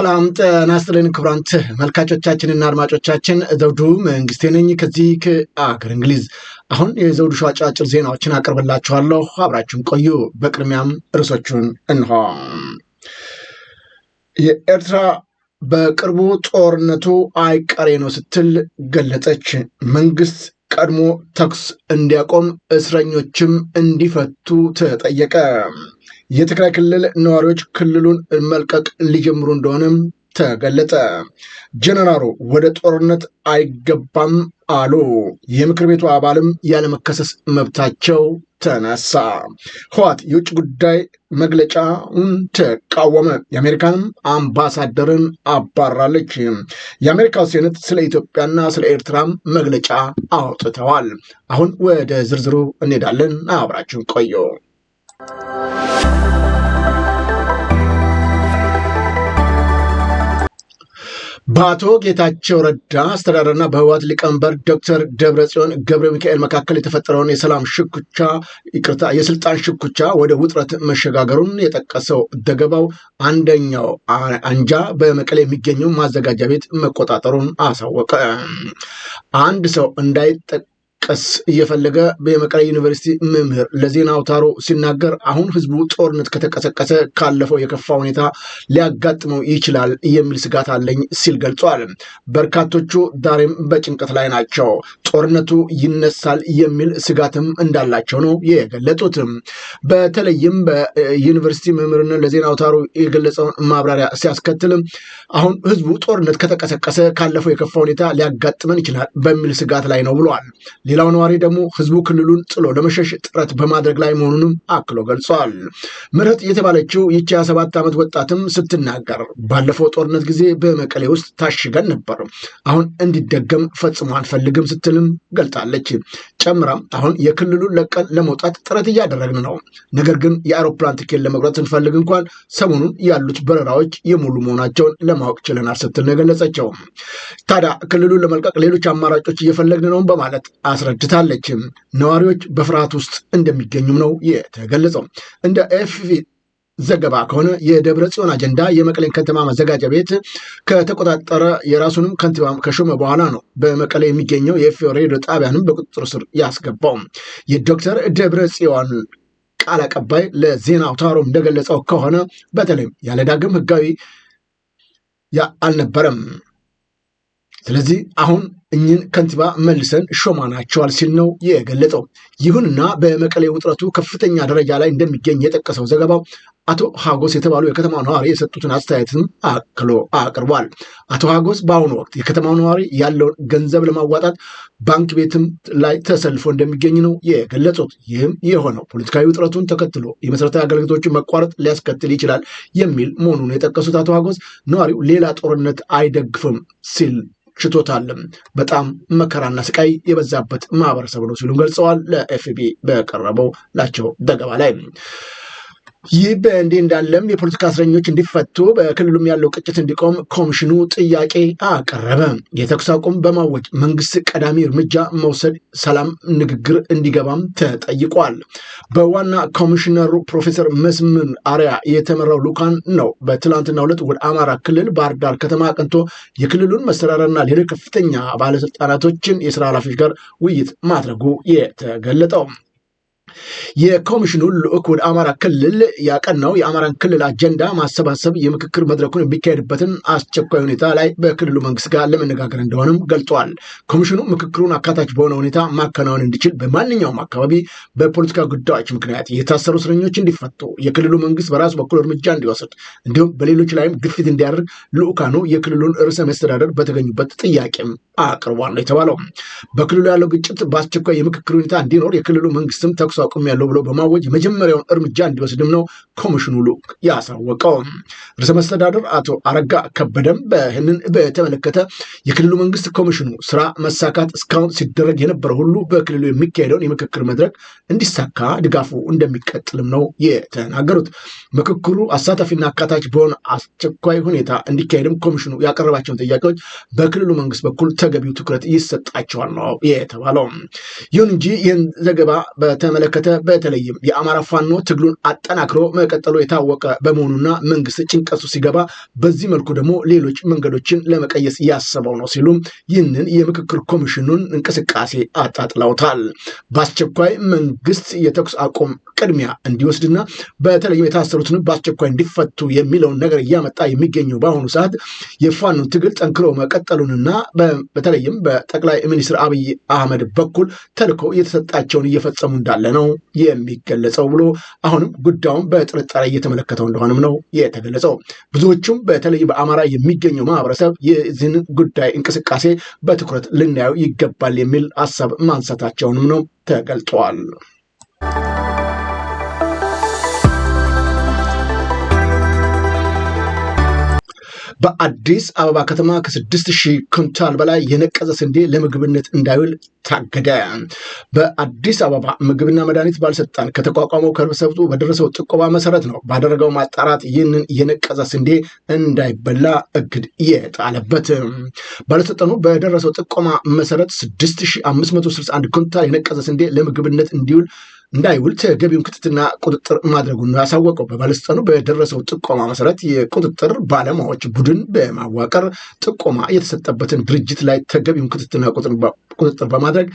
ሰላም ጤና ይስጥልን ክቡራን ተመልካቾቻችንና አድማጮቻችን ዘውዱ መንግስቴ ነኝ ከዚህ ከአገር እንግሊዝ። አሁን የዘውዱ ሾው አጫጭር ዜናዎችን አቀርብላችኋለሁ፣ አብራችሁን ቆዩ። በቅድሚያም ርዕሶቹን እንሆ። የኤርትራ በቅርቡ ጦርነቱ አይቀሬ ነው ስትል ገለጸች። መንግስት ቀድሞ ተኩስ እንዲያቆም እስረኞችም እንዲፈቱ ተጠየቀ። የትግራይ ክልል ነዋሪዎች ክልሉን መልቀቅ ሊጀምሩ እንደሆነም ተገለጠ። ጀነራሉ ወደ ጦርነት አይገባም አሉ። የምክር ቤቱ አባልም ያለመከሰስ መብታቸው ተነሳ። ህወሓት የውጭ ጉዳይ መግለጫውን ተቃወመ። የአሜሪካንም አምባሳደርን አባራለች። የአሜሪካው ሴኔት ስለ ኢትዮጵያና ስለ ኤርትራም መግለጫ አውጥተዋል። አሁን ወደ ዝርዝሩ እንሄዳለን። አብራችሁን ቆዩ። በአቶ ጌታቸው ረዳ አስተዳደርና በህወሓት ሊቀመንበር ዶክተር ደብረጽዮን ገብረ ሚካኤል መካከል የተፈጠረውን የሰላም ሽኩቻ ይቅርታ የስልጣን ሽኩቻ ወደ ውጥረት መሸጋገሩን የጠቀሰው ዘገባው አንደኛው አንጃ በመቀሌ የሚገኘው ማዘጋጃ ቤት መቆጣጠሩን አሳወቀ። አንድ ሰው እንዳይጠቀ እንዲቀሰቀስ እየፈለገ የመቀለ ዩኒቨርሲቲ መምህር ለዜና አውታሮ ሲናገር አሁን ህዝቡ ጦርነት ከተቀሰቀሰ ካለፈው የከፋ ሁኔታ ሊያጋጥመው ይችላል የሚል ስጋት አለኝ ሲል ገልጿል። በርካቶቹ ዛሬም በጭንቀት ላይ ናቸው። ጦርነቱ ይነሳል የሚል ስጋትም እንዳላቸው ነው የገለጡትም። በተለይም በዩኒቨርሲቲ መምህርን ለዜና አውታሩ የገለጸውን ማብራሪያ ሲያስከትልም አሁን ህዝቡ ጦርነት ከተቀሰቀሰ ካለፈው የከፋ ሁኔታ ሊያጋጥመን ይችላል በሚል ስጋት ላይ ነው ብለዋል። ሌላው ነዋሪ ደግሞ ህዝቡ ክልሉን ጥሎ ለመሸሽ ጥረት በማድረግ ላይ መሆኑንም አክሎ ገልጿል ምረት የተባለችው ይቺ ሃያ ሰባት ዓመት ወጣትም ስትናገር ባለፈው ጦርነት ጊዜ በመቀሌ ውስጥ ታሽገን ነበር፣ አሁን እንዲደገም ፈጽሞ አንፈልግም ስትልም ገልጣለች። ጨምራም አሁን የክልሉን ለቀን ለመውጣት ጥረት እያደረግን ነው፣ ነገር ግን የአውሮፕላን ትኬት ለመቁረጥ ስንፈልግ እንኳን ሰሞኑን ያሉት በረራዎች የሙሉ መሆናቸውን ለማወቅ ችለናል ስትል ነው የገለጸችው። ታዲያ ክልሉን ለመልቀቅ ሌሎች አማራጮች እየፈለግን ነው በማለት አስረድታለች። ነዋሪዎች በፍርሃት ውስጥ እንደሚገኙም ነው የተገለጸው። እንደ ኤፍፒ ዘገባ ከሆነ የደብረ ጽዮን አጀንዳ የመቀሌን ከንቲባ ማዘጋጃ ቤት ከተቆጣጠረ የራሱንም ከንቲባ ከሾመ በኋላ ነው በመቀሌ የሚገኘው የኤፍፒ ሬዲዮ ጣቢያንም በቁጥጥር ስር ያስገባው። የዶክተር ደብረ ጽዮን ቃል አቀባይ ለዜና አውታሮ እንደገለጸው ከሆነ በተለይም ያለ ዳግም ህጋዊ አልነበረም። ስለዚህ አሁን እኚህን ከንቲባ መልሰን ሾማናቸዋል ሲል ነው የገለጠው። ይሁንና በመቀሌ ውጥረቱ ከፍተኛ ደረጃ ላይ እንደሚገኝ የጠቀሰው ዘገባው አቶ ሀጎስ የተባሉ የከተማ ነዋሪ የሰጡትን አስተያየትም አክሎ አቅርቧል። አቶ ሀጎስ በአሁኑ ወቅት የከተማው ነዋሪ ያለውን ገንዘብ ለማዋጣት ባንክ ቤትም ላይ ተሰልፎ እንደሚገኝ ነው የገለጹት። ይህም የሆነው ፖለቲካዊ ውጥረቱን ተከትሎ የመሰረታዊ አገልግሎቶችን መቋረጥ ሊያስከትል ይችላል የሚል መሆኑን የጠቀሱት አቶ ሀጎስ ነዋሪው ሌላ ጦርነት አይደግፍም ሲል ሽቶታልም። በጣም መከራና ስቃይ የበዛበት ማህበረሰብ ነው ሲሉ ገልጸዋል። ለኤፍቢ በቀረበው ላቸው ዘገባ ላይ ይህ በእንዲህ እንዳለም የፖለቲካ እስረኞች እንዲፈቱ በክልሉም ያለው ግጭት እንዲቆም ኮሚሽኑ ጥያቄ አቀረበ። የተኩስ አቁም በማወጅ መንግስት ቀዳሚ እርምጃ መውሰድ፣ ሰላም ንግግር እንዲገባም ተጠይቋል። በዋና ኮሚሽነሩ ፕሮፌሰር መስምር አሪያ የተመራው ሉካን ነው በትናንትናው ዕለት ወደ አማራ ክልል ባህር ዳር ከተማ አቅንቶ የክልሉን መሰራርና ሌሎች ከፍተኛ ባለስልጣናቶችን የስራ ኃላፊዎች ጋር ውይይት ማድረጉ የተገለጠው የኮሚሽኑ ልዑክ ወደ አማራ ክልል ያቀናው የአማራን ክልል አጀንዳ ማሰባሰብ የምክክር መድረኩን የሚካሄድበትን አስቸኳይ ሁኔታ ላይ በክልሉ መንግስት ጋር ለመነጋገር እንደሆነም ገልጿል። ኮሚሽኑ ምክክሩን አካታች በሆነ ሁኔታ ማከናወን እንዲችል በማንኛውም አካባቢ በፖለቲካ ጉዳዮች ምክንያት የታሰሩ እስረኞች እንዲፈቱ የክልሉ መንግስት በራሱ በኩል እርምጃ እንዲወስድ እንዲሁም በሌሎች ላይም ግፊት እንዲያደርግ ልዑካኑ የክልሉን ርዕሰ መስተዳደር በተገኙበት ጥያቄም አቅርቧል ነው የተባለው። በክልሉ ያለው ግጭት በአስቸኳይ የምክክር ሁኔታ እንዲኖር የክልሉ መንግስትም ተኩስ ተኩስ አቁም ያለው ብሎ በማወጅ የመጀመሪያውን እርምጃ እንዲወስድም ነው ኮሚሽኑ ልዑክ ያሳወቀው። ርዕሰ መስተዳደር አቶ አረጋ ከበደም በህንን በተመለከተ የክልሉ መንግስት ኮሚሽኑ ስራ መሳካት እስካሁን ሲደረግ የነበረ ሁሉ በክልሉ የሚካሄደውን የምክክር መድረክ እንዲሳካ ድጋፉ እንደሚቀጥልም ነው የተናገሩት። ምክክሩ አሳታፊና አካታች በሆነ አስቸኳይ ሁኔታ እንዲካሄድም ኮሚሽኑ ያቀረባቸውን ጥያቄዎች በክልሉ መንግስት በኩል ተገቢው ትኩረት ይሰጣቸዋል ነው የተባለው። ይሁን እንጂ ይህን ዘገባ በተመለከ በተመለከተ በተለይም የአማራ ፋኖ ትግሉን አጠናክሮ መቀጠሉ የታወቀ በመሆኑና መንግስት ጭንቀቱ ሲገባ በዚህ መልኩ ደግሞ ሌሎች መንገዶችን ለመቀየስ ያሰበው ነው ሲሉም ይህንን የምክክር ኮሚሽኑን እንቅስቃሴ አጣጥለውታል። በአስቸኳይ መንግስት የተኩስ አቁም ቅድሚያ እንዲወስድና በተለይም የታሰሩትን በአስቸኳይ እንዲፈቱ የሚለውን ነገር እያመጣ የሚገኘው በአሁኑ ሰዓት የፋኖን ትግል ጠንክሮ መቀጠሉንና በተለይም በጠቅላይ ሚኒስትር አብይ አህመድ በኩል ተልኮ የተሰጣቸውን እየፈጸሙ እንዳለ ነው ነው የሚገለጸው ብሎ አሁንም ጉዳዩን በጥርጣሬ እየተመለከተው እንደሆነም ነው የተገለጸው። ብዙዎቹም በተለይ በአማራ የሚገኘው ማህበረሰብ የዚህን ጉዳይ እንቅስቃሴ በትኩረት ልናየው ይገባል የሚል ሀሳብ ማንሳታቸውንም ነው ተገልጠዋል። በአዲስ አበባ ከተማ ከስድስት ሺህ ኩንታል በላይ የነቀዘ ስንዴ ለምግብነት እንዳይውል ታገደ። በአዲስ አበባ ምግብና መድኃኒት ባለስልጣን ከተቋቋመው ከርሰብቱ በደረሰው ጥቆማ መሰረት ነው ባደረገው ማጣራት ይህንን የነቀዘ ስንዴ እንዳይበላ እግድ የጣለበት። ባለስልጣኑ በደረሰው ጥቆማ መሰረት 6561 ኩንታል የነቀዘ ስንዴ ለምግብነት እንዲውል እንዳይውል ተገቢውን ክትትና ቁጥጥር ማድረጉን ነው ያሳወቀው። በባለስልጣኑ በደረሰው ጥቆማ መሰረት የቁጥጥር ባለሙያዎች ቡድን በማዋቀር ጥቆማ የተሰጠበትን ድርጅት ላይ ተገቢውን ክትትና ቁጥጥር በማድረግ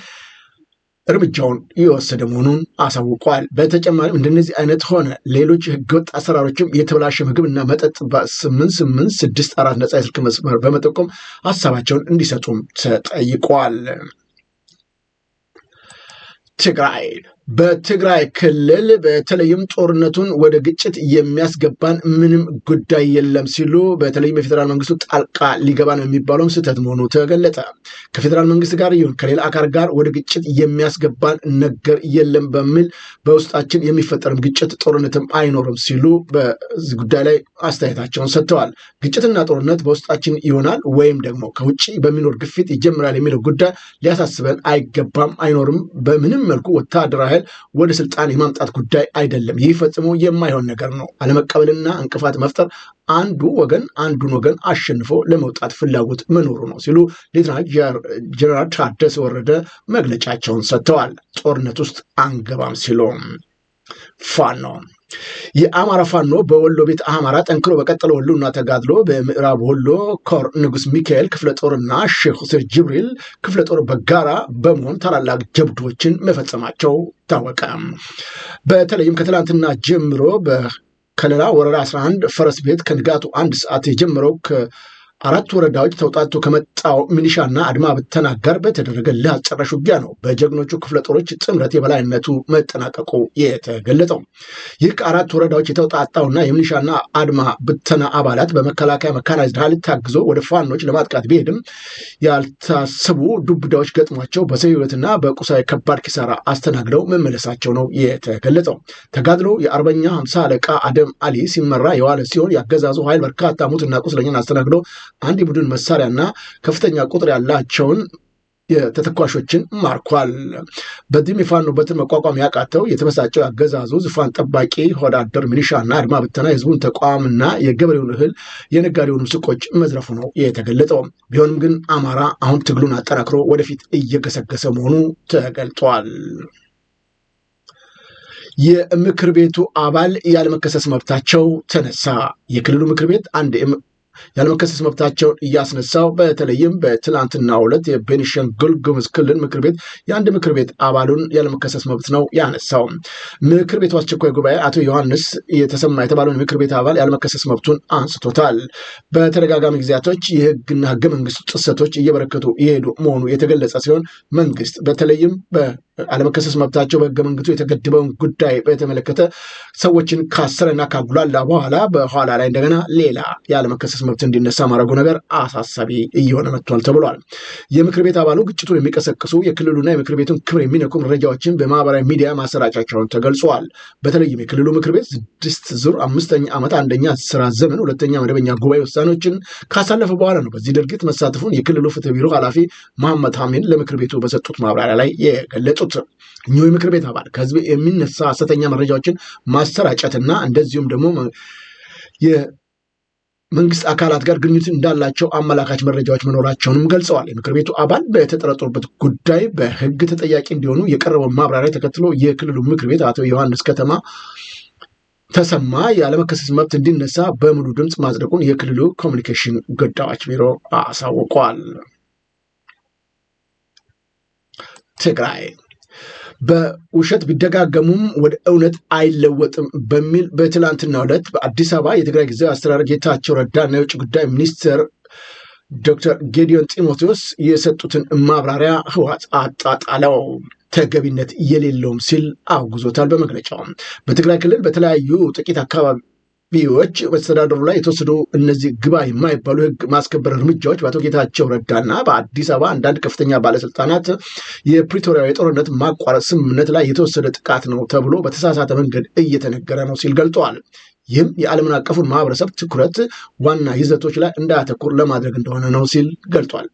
እርምጃውን የወሰደ መሆኑን አሳውቋል። በተጨማሪም እንደነዚህ አይነት ሆነ ሌሎች ህገወጥ አሰራሮችም የተበላሸ እና መጠጥ በስምንት ስምንት ስድስት አራት ነጻ የስልክ መስመር በመጠቆም ሀሳባቸውን እንዲሰጡም ተጠይቋል። ትግራይ በትግራይ ክልል በተለይም ጦርነቱን ወደ ግጭት የሚያስገባን ምንም ጉዳይ የለም ሲሉ በተለይም የፌዴራል መንግስቱ ጣልቃ ሊገባ ነው የሚባለውም ስህተት መሆኑ ተገለጠ። ከፌዴራል መንግስት ጋር ይሁን ከሌላ አካል ጋር ወደ ግጭት የሚያስገባን ነገር የለም በሚል በውስጣችን የሚፈጠርም ግጭት ጦርነትም አይኖርም ሲሉ በዚህ ጉዳይ ላይ አስተያየታቸውን ሰጥተዋል። ግጭትና ጦርነት በውስጣችን ይሆናል ወይም ደግሞ ከውጭ በሚኖር ግፊት ይጀምራል የሚለው ጉዳይ ሊያሳስበን አይገባም፣ አይኖርም በምንም መልኩ ወታደራዊ እስራኤል ወደ ስልጣን የማምጣት ጉዳይ አይደለም። ይህ ፈጽሞ የማይሆን ነገር ነው። አለመቀበልና እንቅፋት መፍጠር አንዱ ወገን አንዱን ወገን አሸንፎ ለመውጣት ፍላጎት መኖሩ ነው ሲሉ ሌተናል ጀነራል ታደሰ ወረደ መግለጫቸውን ሰጥተዋል። ጦርነት ውስጥ አንገባም ሲሉ ነው። የአማራ ፋኖ በወሎ ቤት አማራ ጠንክሮ በቀጠለ ወሎና ተጋድሎ በምዕራብ ወሎ ኮር ንጉስ ሚካኤል ክፍለ ጦርና ሼክ ሁሴን ጅብሪል ክፍለ ጦር በጋራ በመሆን ታላላቅ ጀብዶችን መፈጸማቸው ታወቀ። በተለይም ከትላንትና ጀምሮ በከለላ ወረዳ 11 ፈረስ ቤት ከንጋቱ አንድ ሰዓት የጀመረው አራት ወረዳዎች ተውጣቶ ከመጣው ሚሊሻና አድማ ብተና ጋር በተደረገልህ አጨራሽ ውጊያ ነው በጀግኖቹ ክፍለ ጦሮች ጥምረት የበላይነቱ መጠናቀቁ የተገለጠው። ይህ ከአራት ወረዳዎች የተውጣጣውና የሚሊሻና አድማ ብተና አባላት በመከላከያ መካናይዝድ ኃይል ታግዞ ወደ ፋኖች ለማጥቃት ቢሄድም ያልታሰቡ ዱብዳዎች ገጥሟቸው በሰው ሕይወትና በቁሳዊ ከባድ ኪሳራ አስተናግደው መመለሳቸው ነው የተገለጠው ተጋድሎ የአርበኛ ሀምሳ አለቃ አደም አሊ ሲመራ የዋለ ሲሆን ያገዛዙ ኃይል በርካታ ሙትና ቁስለኛን አስተናግዶ አንድ የቡድን መሳሪያና ከፍተኛ ቁጥር ያላቸውን ተተኳሾችን ማርኳል። በዚህም የፋኖ በትን መቋቋም ያቃተው የተበሳጨው አገዛዙ ዙፋን ጠባቂ ሆዳደር አደር አድማ ብተና የህዝቡን ተቋምና የገበሬውን እህል የነጋዴውን ሱቆች መዝረፉ ነው የተገለጠው። ቢሆንም ግን አማራ አሁን ትግሉን አጠናክሮ ወደፊት እየገሰገሰ መሆኑ ተገልጧል። የምክር ቤቱ አባል ያለመከሰስ መብታቸው ተነሳ። የክልሉ ምክር ቤት አንድ ያለመከሰስ መብታቸውን እያስነሳው በተለይም በትላንትና ሁለት የቤኒሻንጉል ጉሙዝ ክልል ምክር ቤት የአንድ ምክር ቤት አባሉን ያለመከሰስ መብት ነው ያነሳው። ምክር ቤቱ አስቸኳይ ጉባኤ አቶ ዮሐንስ የተሰማ የተባለውን የምክር ቤት አባል ያለመከሰስ መብቱን አንስቶታል። በተደጋጋሚ ጊዜያቶች የህግና ህገ መንግስት ጥሰቶች እየበረከቱ የሄዱ መሆኑ የተገለጸ ሲሆን መንግስት በተለይም አለመከሰስ መብታቸው በህገ መንግስቱ የተገደበውን ጉዳይ በተመለከተ ሰዎችን ካሰረና ካጉላላ በኋላ በኋላ ላይ እንደገና ሌላ የአለመከሰስ መብት እንዲነሳ ማድረጉ ነገር አሳሳቢ እየሆነ መጥቷል ተብሏል። የምክር ቤት አባሉ ግጭቱን የሚቀሰቅሱ የክልሉና የምክር ቤቱን ክብር የሚነኩ መረጃዎችን በማህበራዊ ሚዲያ ማሰራጫቸውን ተገልጿል። በተለይም የክልሉ ምክር ቤት ስድስት ዙር አምስተኛ ዓመት አንደኛ ስራ ዘመን ሁለተኛ መደበኛ ጉባኤ ውሳኔዎችን ካሳለፈ በኋላ ነው በዚህ ድርጊት መሳተፉን የክልሉ ፍትህ ቢሮ ኃላፊ መሐመድ ሐሚድ ለምክር ቤቱ በሰጡት ማብራሪያ ላይ የገለጹ የመጡት እኚሁ የምክር ቤት አባል ከህዝብ የሚነሳ ሐሰተኛ መረጃዎችን ማሰራጨትና እንደዚሁም ደግሞ መንግስት አካላት ጋር ግንኙነት እንዳላቸው አመላካች መረጃዎች መኖራቸውንም ገልጸዋል። የምክር ቤቱ አባል በተጠረጠሩበት ጉዳይ በህግ ተጠያቂ እንዲሆኑ የቀረበው ማብራሪያ ተከትሎ የክልሉ ምክር ቤት አቶ ዮሐንስ ከተማ ተሰማ ያለመከሰስ መብት እንዲነሳ በሙሉ ድምፅ ማጽደቁን የክልሉ ኮሚኒኬሽን ጉዳዮች ቢሮ አሳውቋል። ትግራይ በውሸት ቢደጋገሙም ወደ እውነት አይለወጥም በሚል በትላንትና ዕለት በአዲስ አበባ የትግራይ ጊዜ አስተዳደር ጌታቸው ረዳና የውጭ ጉዳይ ሚኒስትር ዶክተር ጌዲዮን ጢሞቴዎስ የሰጡትን ማብራሪያ ህወሓት አጣጣለው ተገቢነት የሌለውም ሲል አውግዞታል። በመግለጫው በትግራይ ክልል በተለያዩ ጥቂት አካባቢ ቢዎች በተስተዳደሩ ላይ የተወሰዱ እነዚህ ግባ የማይባሉ ህግ ማስከበር እርምጃዎች በአቶ ጌታቸው ረዳና በአዲስ አበባ አንዳንድ ከፍተኛ ባለስልጣናት የፕሪቶሪያ የጦርነት ማቋረጥ ስምምነት ላይ የተወሰደ ጥቃት ነው ተብሎ በተሳሳተ መንገድ እየተነገረ ነው ሲል ገልጠዋል። ይህም የዓለምን አቀፉን ማህበረሰብ ትኩረት ዋና ይዘቶች ላይ እንዳያተኩር ለማድረግ እንደሆነ ነው ሲል ገልጧል።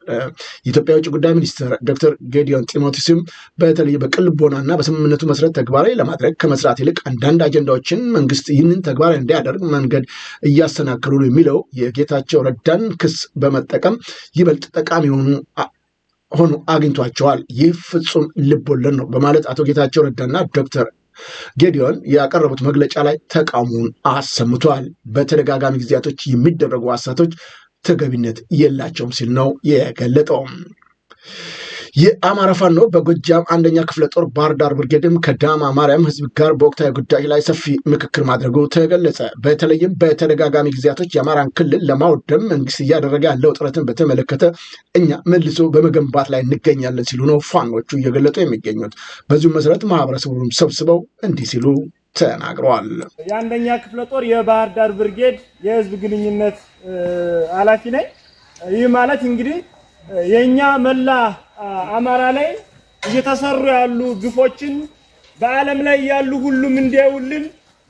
የኢትዮጵያ የውጭ ጉዳይ ሚኒስትር ዶክተር ጌዲዮን ጢሞቴዎስም በተለይ በቅልቦናና በስምምነቱ መሰረት ተግባራዊ ለማድረግ ከመስራት ይልቅ አንዳንድ አጀንዳዎችን መንግስት ይህንን ተግባራዊ እንዲያደርግ መንገድ እያሰናክሉ የሚለው የጌታቸው ረዳን ክስ በመጠቀም ይበልጥ ጠቃሚ የሆኑ ሆኑ አግኝቷቸዋል። ይህ ፍጹም ልብ ወለድ ነው በማለት አቶ ጌታቸው ረዳና ዶክተር ጌዲዮን ያቀረቡት መግለጫ ላይ ተቃውሞውን አሰምቷል። በተደጋጋሚ ጊዜያቶች የሚደረጉ ሀሳቶች ተገቢነት የላቸውም ሲል ነው የገለጠው። የአማራ ፋኖ በጎጃም አንደኛ ክፍለ ጦር ባህር ዳር ብርጌድም ከዳማ ማርያም ህዝብ ጋር በወቅታዊ ጉዳይ ላይ ሰፊ ምክክር ማድረጉ ተገለጸ። በተለይም በተደጋጋሚ ጊዜያቶች የአማራን ክልል ለማውደም መንግስት እያደረገ ያለው ጥረትን በተመለከተ እኛ መልሶ በመገንባት ላይ እንገኛለን ሲሉ ነው ፋኖቹ እየገለጡ የሚገኙት። በዚሁ መሰረት ማህበረሰቡንም ሰብስበው እንዲህ ሲሉ ተናግረዋል። የአንደኛ ክፍለ ጦር የባህር ዳር ብርጌድ የህዝብ ግንኙነት ኃላፊ ነኝ። ይህ ማለት እንግዲህ የኛ መላ አማራ ላይ እየተሰሩ ያሉ ግፎችን በዓለም ላይ ያሉ ሁሉም እንዲያውልን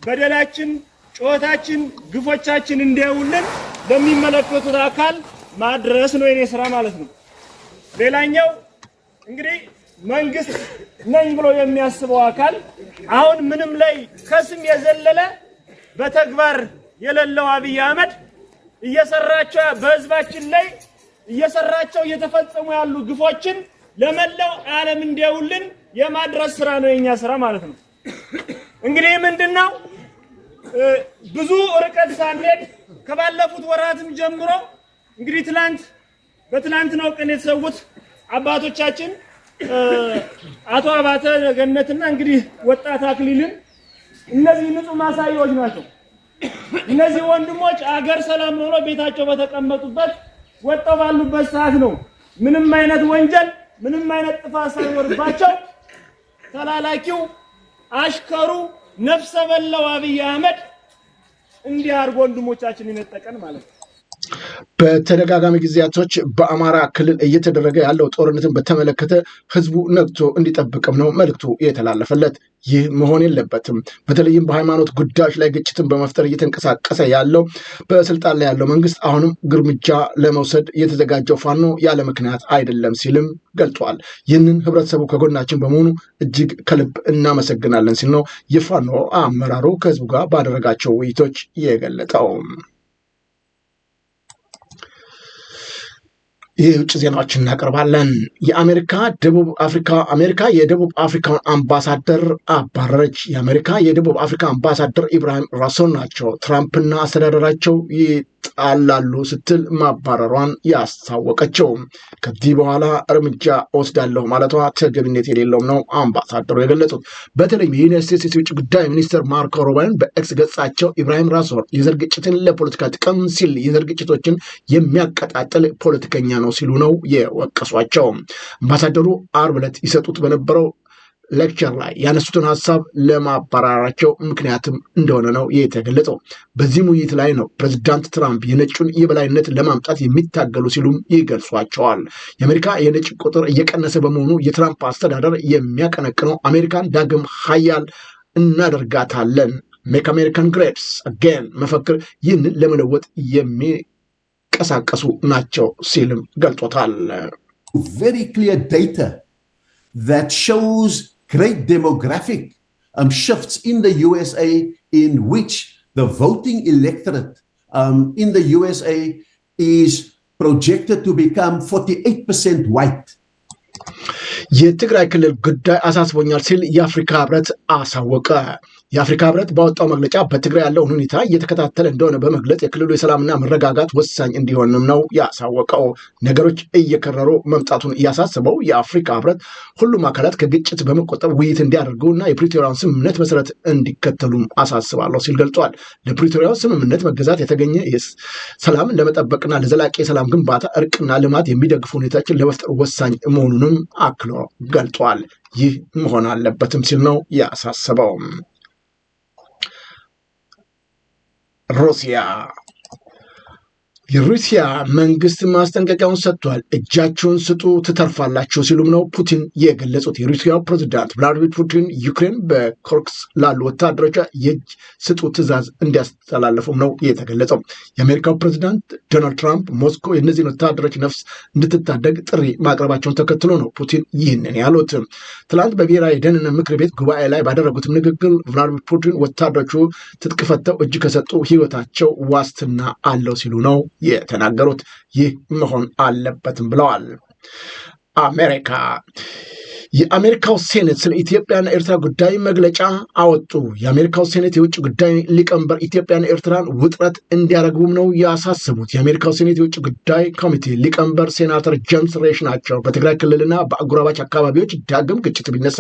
በደላችን፣ ጩኸታችን፣ ግፎቻችን እንዲያውልን ለሚመለከቱት አካል ማድረስ ነው የኔ ስራ ማለት ነው። ሌላኛው እንግዲህ መንግስት ነኝ ብሎ የሚያስበው አካል አሁን ምንም ላይ ከስም የዘለለ በተግባር የሌለው አብይ አህመድ እየሰራቸው በህዝባችን ላይ እየሰራቸው እየተፈጸሙ ያሉ ግፎችን ለመላው ዓለም እንዲያውልን የማድረስ ስራ ነው የኛ ስራ ማለት ነው። እንግዲህ ምንድነው ብዙ ርቀት ሳንሄድ ከባለፉት ወራትም ጀምሮ እንግዲህ ትላንት ነው ቀን የተሰዉት አባቶቻችን አቶ አባተ ገነትና እንግዲህ ወጣት አክሊልን እነዚህ ንጹህ ማሳያዎች ናቸው። እነዚህ ወንድሞች አገር ሰላም ሆኖ ቤታቸው በተቀመጡበት ወጣው ባሉበት ሰዓት ነው ምንም አይነት ወንጀል ምንም አይነት ጥፋት ሳይኖርባቸው ተላላኪው አሽከሩ ነፍሰ በላው አብይ አህመድ እንዲህ አድርጎ ወንድሞቻችን ይነጠቀን ማለት ነው። በተደጋጋሚ ጊዜያቶች በአማራ ክልል እየተደረገ ያለው ጦርነትን በተመለከተ ህዝቡ ነቅቶ እንዲጠብቅም ነው መልክቱ የተላለፈለት። ይህ መሆን የለበትም። በተለይም በሃይማኖት ጉዳዮች ላይ ግጭትን በመፍጠር እየተንቀሳቀሰ ያለው በስልጣን ላይ ያለው መንግስት አሁንም እርምጃ ለመውሰድ የተዘጋጀው ፋኖ ያለ ምክንያት አይደለም ሲልም ገልጧል። ይህንን ህብረተሰቡ ከጎናችን በመሆኑ እጅግ ከልብ እናመሰግናለን ሲል ነው የፋኖ አመራሩ ከህዝቡ ጋር ባደረጋቸው ውይይቶች የገለጠው። የውጭ ዜናዎችን እናቀርባለን። የአሜሪካ ደቡብ አፍሪካ አሜሪካ የደቡብ አፍሪካን አምባሳደር አባረረች። የአሜሪካ የደቡብ አፍሪካ አምባሳደር ኢብራሂም ራሶን ናቸው ትራምፕና አስተዳደራቸው አላሉ ስትል ማባረሯን ያስታወቀችው ከዚህ በኋላ እርምጃ ወስዳለሁ ማለቷ ተገቢነት የሌለውም ነው አምባሳደሩ የገለጹት። በተለይም የዩናይት ስቴትስ የውጭ ጉዳይ ሚኒስትር ማርኮ ሮባይን በኤክስ ገጻቸው ኢብራሂም ራስወር የዘር ግጭትን ለፖለቲካ ጥቅም ሲል የዘር ግጭቶችን የሚያቀጣጥል ፖለቲከኛ ነው ሲሉ ነው የወቀሷቸው። አምባሳደሩ አርብ ዕለት ይሰጡት በነበረው ሌክቸር ላይ ያነሱትን ሀሳብ ለማባራራቸው ምክንያትም እንደሆነ ነው የተገለጸው። በዚህም ውይይት ላይ ነው ፕሬዚዳንት ትራምፕ የነጩን የበላይነት ለማምጣት የሚታገሉ ሲሉም ይገልጿቸዋል። የአሜሪካ የነጭ ቁጥር እየቀነሰ በመሆኑ የትራምፕ አስተዳደር የሚያቀነቅነው አሜሪካን ዳግም ሀያል እናደርጋታለን ሜክ አሜሪካን ግሬትስ አጌን መፈክር ይህንን ለመለወጥ የሚቀሳቀሱ ናቸው ሲልም ገልጾታል። great demographic um, shifts in the USA in which the voting electorate um, in the USA is projected to become 48% white. የትግራይ ክልል ጉዳይ አሳስቦኛል ሲል የአፍሪካ ህብረት አሳወቀ። የአፍሪካ ህብረት ባወጣው መግለጫ በትግራይ ያለውን ሁኔታ እየተከታተለ እንደሆነ በመግለጽ የክልሉ የሰላምና መረጋጋት ወሳኝ እንዲሆንም ነው ያሳወቀው። ነገሮች እየከረሩ መምጣቱን እያሳስበው የአፍሪካ ህብረት ሁሉም አካላት ከግጭት በመቆጠብ ውይይት እንዲያደርጉ እና የፕሪቶሪያውን ስምምነት መሰረት እንዲከተሉም አሳስባለሁ ሲል ገልጿል። ለፕሪቶሪያው ስምምነት መገዛት የተገኘ ሰላም ለመጠበቅና ለዘላቂ የሰላም ግንባታ እርቅና ልማት የሚደግፉ ሁኔታችን ለመፍጠር ወሳኝ መሆኑንም አክሎ ገልጿል። ይህ መሆን አለበትም ሲል ነው ያሳሰበው። Rusia. የሩሲያ መንግስት ማስጠንቀቂያውን ሰጥቷል። እጃችሁን ስጡ ትተርፋላችሁ ሲሉም ነው ፑቲን የገለጹት። የሩሲያ ፕሬዚዳንት ቭላዲሚር ፑቲን ዩክሬን በኮርክስ ላሉ ወታደሮች የእጅ ስጡ ትዕዛዝ እንዲያስተላለፉም ነው የተገለጸው። የአሜሪካው ፕሬዚዳንት ዶናልድ ትራምፕ ሞስኮ የእነዚህን ወታደሮች ነፍስ እንድትታደግ ጥሪ ማቅረባቸውን ተከትሎ ነው ፑቲን ይህንን ያሉት። ትላንት በብሔራዊ የደህንነት ምክር ቤት ጉባኤ ላይ ባደረጉትም ንግግር ቭላዲሚር ፑቲን ወታደሮቹ ትጥቅ ፈተው እጅ ከሰጡ ህይወታቸው ዋስትና አለው ሲሉ ነው የተናገሩት ይህ መሆን አለበትም ብለዋል። አሜሪካ የአሜሪካው ሴኔት ስለ ኢትዮጵያና ኤርትራ ጉዳይ መግለጫ አወጡ። የአሜሪካው ሴኔት የውጭ ጉዳይ ሊቀመንበር ኢትዮጵያና ኤርትራን ውጥረት እንዲያረግቡም ነው ያሳስቡት። የአሜሪካው ሴኔት የውጭ ጉዳይ ኮሚቴ ሊቀመንበር ሴናተር ጄምስ ሬሽ ናቸው። በትግራይ ክልልና በአጎራባች አካባቢዎች ዳግም ግጭት ቢነሳ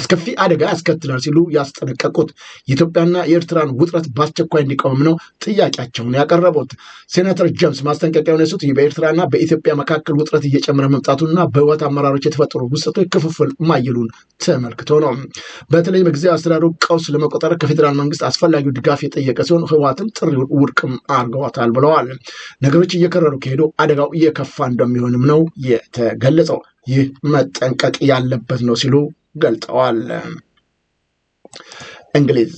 አስከፊ አደጋ ያስከትላል ሲሉ ያስጠነቀቁት የኢትዮጵያና የኤርትራን ውጥረት በአስቸኳይ እንዲቆምም ነው ጥያቄያቸውን ያቀረቡት። ሴናተር ጀምስ ማስጠንቀቂያ የሱት በኤርትራና በኢትዮጵያ መካከል ውጥረት እየጨመረ መምጣቱና በህወሓት አመራሮች የተፈጠሩ ውስጡ ክፍፍል ሲሆን ማየሉን ተመልክቶ ነው። በተለይ ጊዜ አስተዳደሩ ቀውስ ለመቆጠር ከፌዴራል መንግስት አስፈላጊው ድጋፍ የጠየቀ ሲሆን ህወሓትም ጥሪውን ውድቅም አድርገዋታል ብለዋል። ነገሮች እየከረሩ ከሄዱ አደጋው እየከፋ እንደሚሆንም ነው የተገለጸው። ይህ መጠንቀቅ ያለበት ነው ሲሉ ገልጠዋል። እንግሊዝ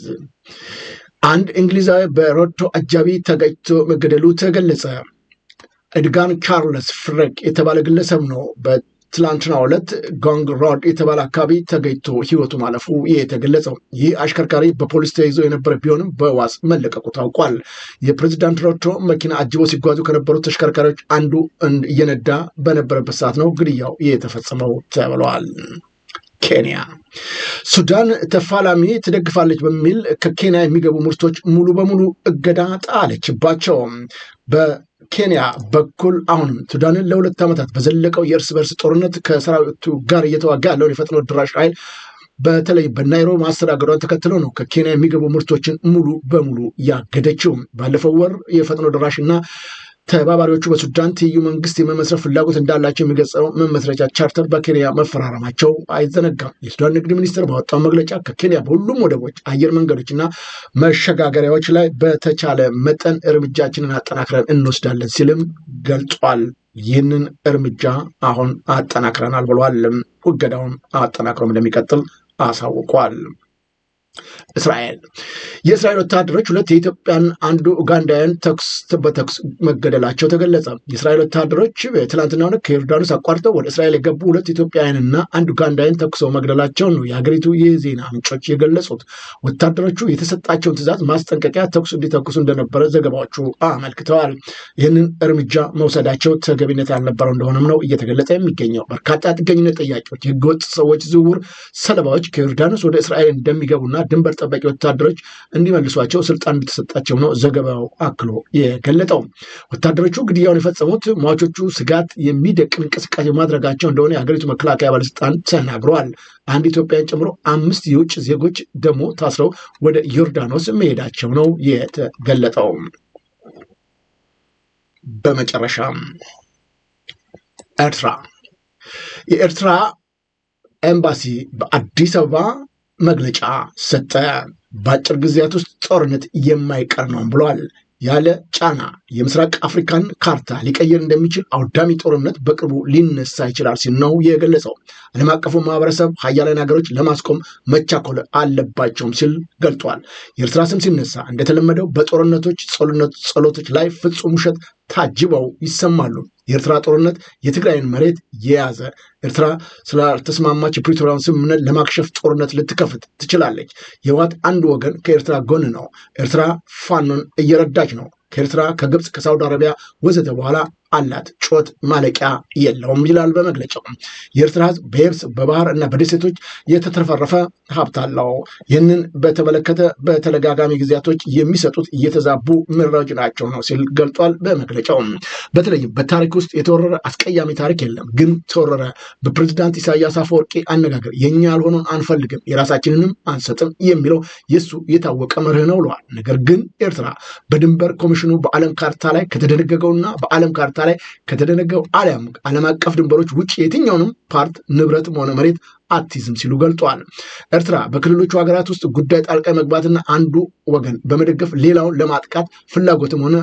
አንድ እንግሊዛዊ በሮቶ አጃቢ ተገጭቶ መገደሉ ተገለጸ። እድጋን ቻርልስ ፍረቅ የተባለ ግለሰብ ነው ትላንትና ዕለት ጎንግ ሮድ የተባለ አካባቢ ተገኝቶ ህይወቱ ማለፉ የተገለጸው ይህ አሽከርካሪ በፖሊስ ተይዞ የነበረ ቢሆንም በዋስ መለቀቁ ታውቋል። የፕሬዚዳንት ሮቶ መኪና አጅቦ ሲጓዙ ከነበሩት ተሽከርካሪዎች አንዱ እየነዳ በነበረበት ሰዓት ነው ግድያው የተፈጸመው ተብለዋል። ኬንያ ሱዳን ተፋላሚ ትደግፋለች በሚል ከኬንያ የሚገቡ ምርቶች ሙሉ በሙሉ እገዳ ጣለችባቸው። ኬንያ በኩል አሁንም ሱዳንን ለሁለት ዓመታት በዘለቀው የእርስ በርስ ጦርነት ከሰራዊቱ ጋር እየተዋጋ ያለውን የፈጥኖ ድራሽ ኃይል በተለይ በናይሮቢ ማስተዳደሯን ተከትሎ ነው ከኬንያ የሚገቡ ምርቶችን ሙሉ በሙሉ ያገደችው። ባለፈው ወር የፈጥኖ ደራሽና ተባባሪዎቹ በሱዳን ትይዩ መንግስት የመመስረት ፍላጎት እንዳላቸው የሚገጸው መመስረቻ ቻርተር በኬንያ መፈራረማቸው አይዘነጋም። የሱዳን ንግድ ሚኒስቴር ባወጣው መግለጫ ከኬንያ በሁሉም ወደቦች፣ አየር መንገዶች ና መሸጋገሪያዎች ላይ በተቻለ መጠን እርምጃችንን አጠናክረን እንወስዳለን ሲልም ገልጿል። ይህንን እርምጃ አሁን አጠናክረናል ብሏል። ውገዳውን አጠናክሮም እንደሚቀጥል አሳውቋል። እስራኤል የእስራኤል ወታደሮች ሁለት የኢትዮጵያን አንዱ ኡጋንዳውያን ተኩስ በተኩስ መገደላቸው ተገለጸ። የእስራኤል ወታደሮች ትላንትና ከዮርዳኖስ አቋርጠው ወደ እስራኤል የገቡ ሁለት ኢትዮጵያውያንና አንድ ኡጋንዳውያን ተኩሰው መግደላቸውን ነው የሀገሪቱ የዜና ምንጮች የገለጹት። ወታደሮቹ የተሰጣቸውን ትዕዛዝ ማስጠንቀቂያ ተኩስ እንዲተኩሱ እንደነበረ ዘገባዎቹ አመልክተዋል። ይህንን እርምጃ መውሰዳቸው ተገቢነት ያልነበረው እንደሆነም ነው እየተገለጸ የሚገኘው። በርካታ ጥገኝነት ጠያቂዎች፣ የህገወጥ ሰዎች ዝውውር ሰለባዎች ከዮርዳኖስ ወደ እስራኤል እንደሚገቡና ድንበር ጠባቂ ወታደሮች እንዲመልሷቸው ስልጣን እንደተሰጣቸው ነው ዘገባው አክሎ የገለጠው። ወታደሮቹ ግድያውን የፈጸሙት ሟቾቹ ስጋት የሚደቅን እንቅስቃሴ ማድረጋቸው እንደሆነ የሀገሪቱ መከላከያ ባለስልጣን ተናግረዋል። አንድ ኢትዮጵያን ጨምሮ አምስት የውጭ ዜጎች ደግሞ ታስረው ወደ ዮርዳኖስ መሄዳቸው ነው የተገለጠው። በመጨረሻም ኤርትራ የኤርትራ ኤምባሲ በአዲስ አበባ መግለጫ ሰጠ። በአጭር ጊዜያት ውስጥ ጦርነት የማይቀር ነው ብሏል። ያለ ጫና የምስራቅ አፍሪካን ካርታ ሊቀይር እንደሚችል አውዳሚ ጦርነት በቅርቡ ሊነሳ ይችላል ሲል ነው የገለጸው። ዓለም አቀፉ ማህበረሰብ ሀያላን ሀገሮች ለማስቆም መቻኮል አለባቸውም ሲል ገልጧል። የኤርትራ ስም ሲነሳ እንደተለመደው በጦርነቶች ጸሎቶች ላይ ፍጹም ውሸት ታጅበው ይሰማሉ። የኤርትራ ጦርነት የትግራይን መሬት የያዘ ኤርትራ ስላልተስማማች የፕሪቶሪያን ስምምነት ለማክሸፍ ጦርነት ልትከፍት ትችላለች። የህወሓት አንድ ወገን ከኤርትራ ጎን ነው። ኤርትራ ፋኖን እየረዳች ነው። ከኤርትራ ከግብፅ፣ ከሳውዲ አረቢያ ወዘተ በኋላ አላት። ጮት ማለቂያ የለውም ይላል በመግለጫው። የኤርትራ ህዝብ በየብስ በባህር እና በደሴቶች የተትረፈረፈ ሀብት አለው። ይህንን በተመለከተ በተደጋጋሚ ጊዜያቶች የሚሰጡት እየተዛቡ መረጃዎች ናቸው ነው ሲል ገልጧል በመግለጫው። በተለይም በታሪክ ውስጥ የተወረረ አስቀያሚ ታሪክ የለም፣ ግን ተወረረ። በፕሬዚዳንት ኢሳያስ አፈወርቂ አነጋገር የኛ ያልሆነውን አንፈልግም የራሳችንንም አንሰጥም የሚለው የእሱ የታወቀ መርህ ነው ብለዋል። ነገር ግን ኤርትራ በድንበር ኮሚሽኑ በዓለም ካርታ ላይ ከተደነገገውና በዓለም ካርታ ካርታ ላይ ከተደነገው አሊያም ዓለም አቀፍ ድንበሮች ውጭ የትኛውንም ፓርት ንብረትም ሆነ መሬት አትይዝም ሲሉ ገልጠዋል። ኤርትራ በክልሎቹ ሀገራት ውስጥ ጉዳይ ጣልቃ መግባትና አንዱ ወገን በመደገፍ ሌላውን ለማጥቃት ፍላጎትም ሆነ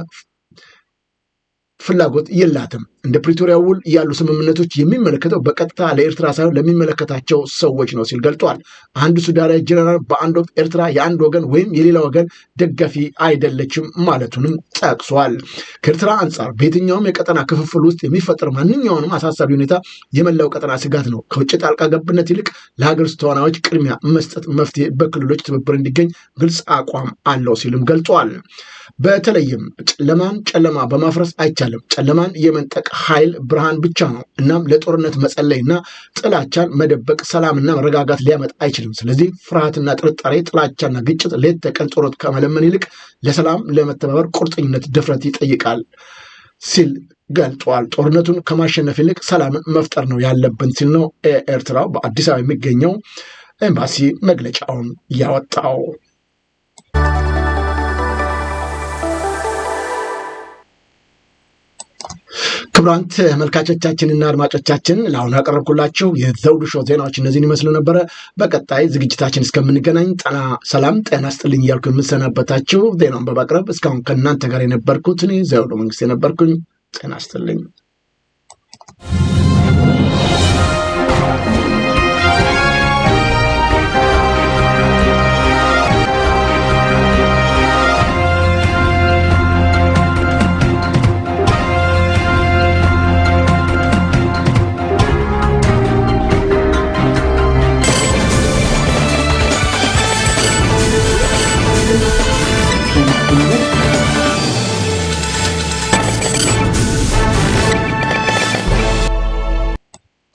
ፍላጎት የላትም። እንደ ፕሪቶሪያ ውል ያሉ ስምምነቶች የሚመለከተው በቀጥታ ለኤርትራ ሳይሆን ለሚመለከታቸው ሰዎች ነው ሲል ገልጧል። አንዱ ሱዳናዊ ጀነራል በአንድ ወቅት ኤርትራ የአንድ ወገን ወይም የሌላ ወገን ደጋፊ አይደለችም ማለቱንም ጠቅሷል። ከኤርትራ አንጻር በየትኛውም የቀጠና ክፍፍል ውስጥ የሚፈጠር ማንኛውንም አሳሳቢ ሁኔታ የመላው ቀጠና ስጋት ነው። ከውጭ ጣልቃ ገብነት ይልቅ ለሀገር ውስጥ ተዋናዮች ቅድሚያ መስጠት መፍትሄ በክልሎች ትብብር እንዲገኝ ግልጽ አቋም አለው ሲልም ገልጿል። በተለይም ጨለማን ጨለማ በማፍረስ አይቻል አይቻልም። ጨለማን የመንጠቅ ኃይል ብርሃን ብቻ ነው። እናም ለጦርነት መጸለይና ጥላቻን መደበቅ ሰላምና መረጋጋት ሊያመጣ አይችልም። ስለዚህ ፍርሃትና ጥርጣሬ፣ ጥላቻና ግጭት ሌት ተቀን ጦርነት ከመለመን ይልቅ ለሰላም ለመተባበር ቁርጠኝነት፣ ድፍረት ይጠይቃል ሲል ገልጧል። ጦርነቱን ከማሸነፍ ይልቅ ሰላምን መፍጠር ነው ያለብን ሲል ነው ኤርትራው በአዲስ አበባ የሚገኘው ኤምባሲ መግለጫውን ያወጣው። ክቡራን ተመልካቾቻችንና አድማጮቻችን ለአሁኑ ያቀረብኩላችሁ የዘውዱ ሾው ዜናዎች እነዚህን ይመስሉ ነበረ። በቀጣይ ዝግጅታችን እስከምንገናኝ ጠና ሰላም ጤና ስጥልኝ እያልኩ የምሰናበታችሁ ዜናውን በማቅረብ እስካሁን ከእናንተ ጋር የነበርኩት እኔ ዘውዱ መንግስት የነበርኩኝ ጤና ስጥልኝ።